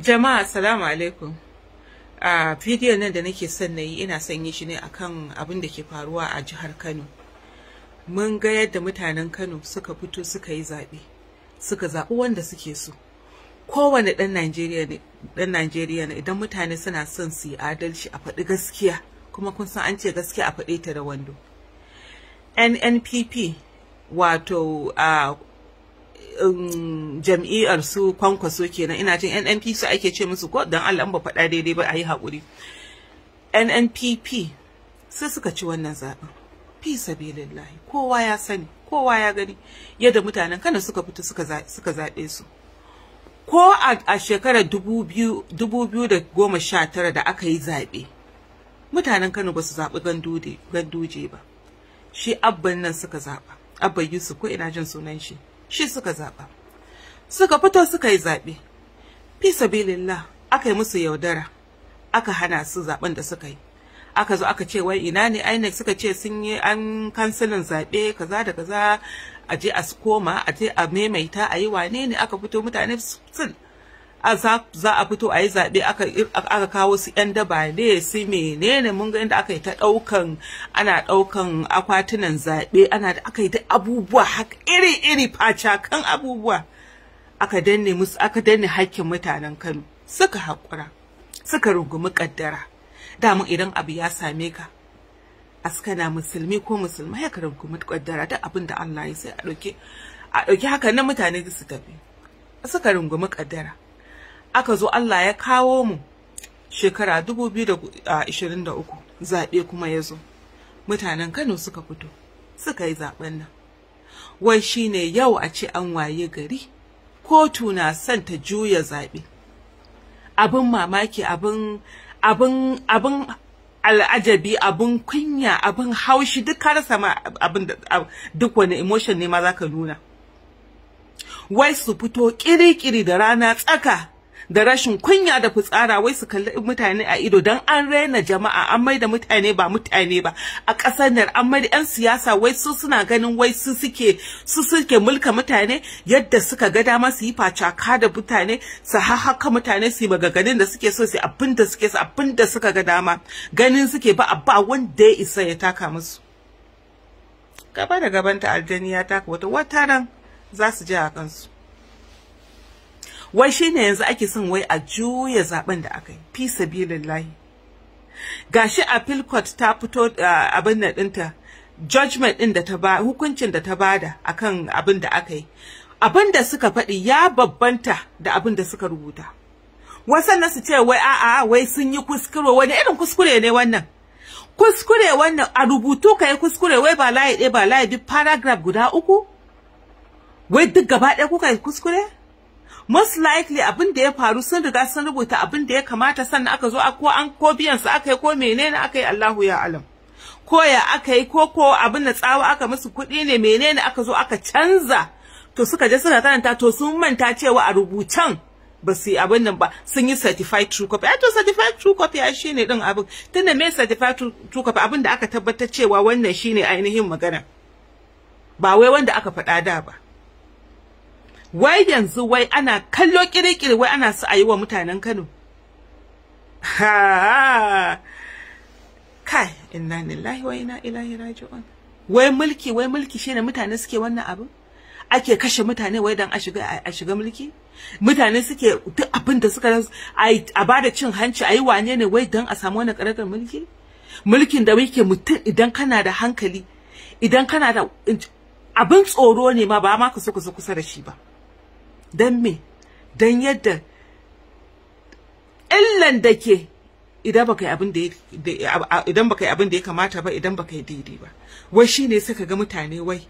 Jama'a salamu alaikum. A bidiyon nan da nake son na yi ina son yi shi ne akan abin da ke faruwa a jihar Kano. Mun ga yadda mutanen Kano suka fito suka yi zaɓe, suka zaɓi wanda suke so. Kowane ɗan Najeriya ne, ɗan Najeriya ne idan mutane suna son su yi adalci a faɗi gaskiya, kuma kun san an ce gaskiya a faɗe ta da wando. NNPP wato uh, jam'iyyar su kwankwaso kenan ina jin nnp su ake ce musu ko don allah ba faɗa daidai ba a yi haƙuri nnpp sai suka ci wannan zaɓen fi sabilillahi kowa ya sani kowa ya gani yadda mutanen kano suka fita suka zaɓe su ko a shekarar 2019 da aka yi zaɓe mutanen kano ba su zaɓi ganduje ba shi abban nan suka zaɓa abban yusuf ko ina jin sunan shi shi suka zaɓa suka fito suka yi zaɓe fi sabilillah aka yi musu yaudara aka hana su zaɓen da suka yi aka zo aka ce wai ina ne INEC suka ce sun yi an kansilin zaɓe kaza da kaza a je a koma a a maimaita a yi wane ne aka fito mutane sun za a fito a yi zaɓe aka kawo su 'yan daba ne su menene mun ga inda aka yi ta ɗaukan ana ɗaukan akwatunan zaɓe ana aka yi ta abubuwa iri-iri facakan abubuwa aka danne musu aka danne hakkin mutanen Kano suka haƙura suka rungumi ƙaddara dama idan abu ya same ka askana musulmi ko musulma ya ka rungumi ƙaddara ta abin da Allah ya sai a ɗauke a ɗauki haka na mutane su tafi suka rungumi ƙaddara aka zo Allah ya kawo mu shekara 2023 zaɓe kuma ya zo mutanen Kano suka fito suka yi zaɓen nan wai shine yau a ce an waye gari kotu na son ta juya zaɓe abin mamaki abin abin abin al'ajabi abin kunya abin haushi duk ka rasa abin duk wani emotion ne ma za ka nuna wai su fito kiri-kiri da rana tsaka da rashin kunya da fitsara wai su kalli mutane a ido don an raina jama'a an mai da mutane ba mutane ba a ƙasar nan an mai da 'yan siyasa wai su suna ganin wai su suke su suke mulka mutane yadda suka ga dama su yi facaka da mutane su hahaka mutane su yi magaganin da suke so su abin da suke su abin da suka ga dama ganin suke ba ba wanda ya isa ya taka musu gaba da gaban ta aljani ya taka wata wata ran za su je a kansu wai shine yanzu ake son wai a juya zaben da aka yi fi Ga shi a court ta fito ah, abin da dinta judgment din da ta ba hukuncin da ta bada akan abin da aka yi abin da suka faɗi ya babbanta da abin da suka rubuta wasannan su ce wai a'a wai sun yi kuskure wani irin kuskure ne wannan kuskure wannan a rubutu ka yi kuskure wai ba layi ɗaya ba layi bi paragraph guda uku wai duk gaba ɗaya kuka yi kuskure most likely abin da ya faru sun riga sun rubuta abin da ya kamata sannan aka zo ko an ko biyan su aka yi ko menene aka yi Allahu ya alam ko ya aka yi ko ko abin da tsawa aka musu kuɗi ne menene aka zo aka canza to suka je suka karanta to sun manta cewa a rubutan ba su yi abin nan ba sun yi certified true copy ai to certified true copy ai shine din abin tunda me certified true copy abin da aka tabbatar cewa wannan shine ainihin magana ba wai wanda aka faɗa da ba wai yanzu wai ana kallo kirikiri wai ana su a yi wa mutanen Kano ha kai inna lillahi wa inna ilaihi raji'un wai mulki wai mulki shine mutane suke wannan abu ake kashe mutane wai dan a shiga a shiga mulki mutane suke duk abin da suka a bada cin hanci ayi wane ne wai dan a samu wani karakar mulki mulkin da muke mutum idan kana da hankali idan kana da abin tsoro ne ma ba ma ka so ka kusa da shi ba don me don yadda illan da ke idan baka yi abin da idan baka yi abin da ya kamata ba idan baka yi daidai ba wai shine sai ga mutane wai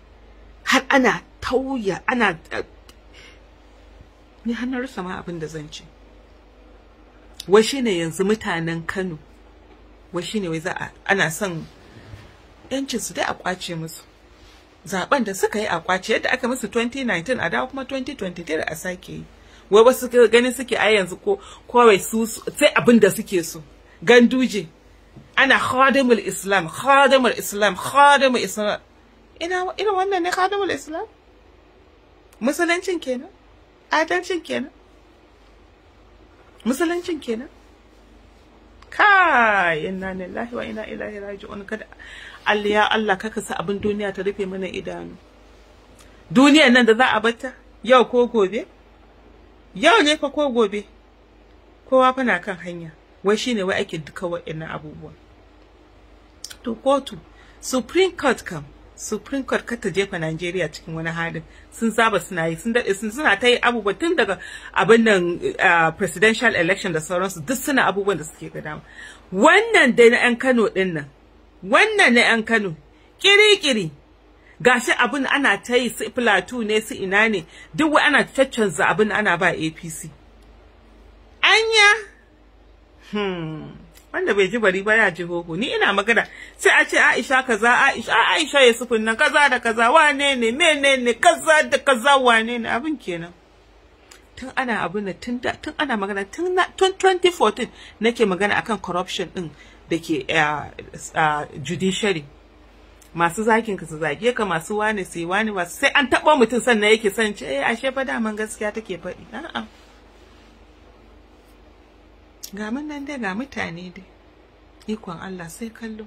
har ana tauya ana eh, ni har na ma abin da zan ce wai shine yanzu mutanen Kano wai shine wai za a ana son yancin su dai a kwace musu zaben da suka yi a kwace yadda aka musu 2019 a dawo kuma 2023 a sake yi wai wasu ganin suke a yanzu ko kawai su sai abin da suke so ganduje ana khadimul islam khadimul islam khadimul islam ina ina wannan ne khadimul islam musuluncin kenan adalcin kenan musuluncin kenan kai inna lillahi wa inna ilaihi raji'un kada Allah ya Allah kaka sa abin duniya ta rufe mana idanu duniyar nan da za a bata yau ko gobe yau ne ko gobe kowa fa na kan hanya wai shine wai ake duka wa'annan abubuwa to kotu supreme court kam supreme court kar ta jefa Nigeria cikin wani halin sun saba suna yi sun daɗe suna ta yi abubuwa tun daga abin nan presidential election da sauransu duk suna abubuwan da suke ga dama wannan dai na 'yan kano ɗin nan wannan na 'yan kano kirikiri gashi abin ana ta yi su plateau ne su ina ne duk wai ana caccanza abin ana ba apc anya hmm wanda bai ji bari ba ya ji gogo ni ina magana sai a ce Aisha kaza Aisha Aisha Yusufin nan kaza da kaza wane ne menene kaza da kaza wane ne abin kenan tun ana abin da tun tun ana magana tun tun 2014 nake magana akan corruption din da ke eh, eh, judiciary masu zakin ka su zage ka masu wane sai wane ba sai an taɓa mutum sannan yake san ce eh ashe fa daman gaskiya take faɗi a'a ga mun nan dai ga mutane dai ikon Allah sai kallo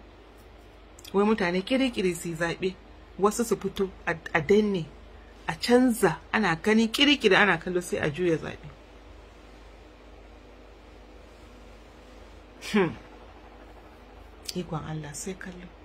wai mutane kirikiri su zaɓe wasu su fito a danne a canza ana gani kirikiri ana kallo sai a juya zaɓe hmm. ikon Allah sai kallo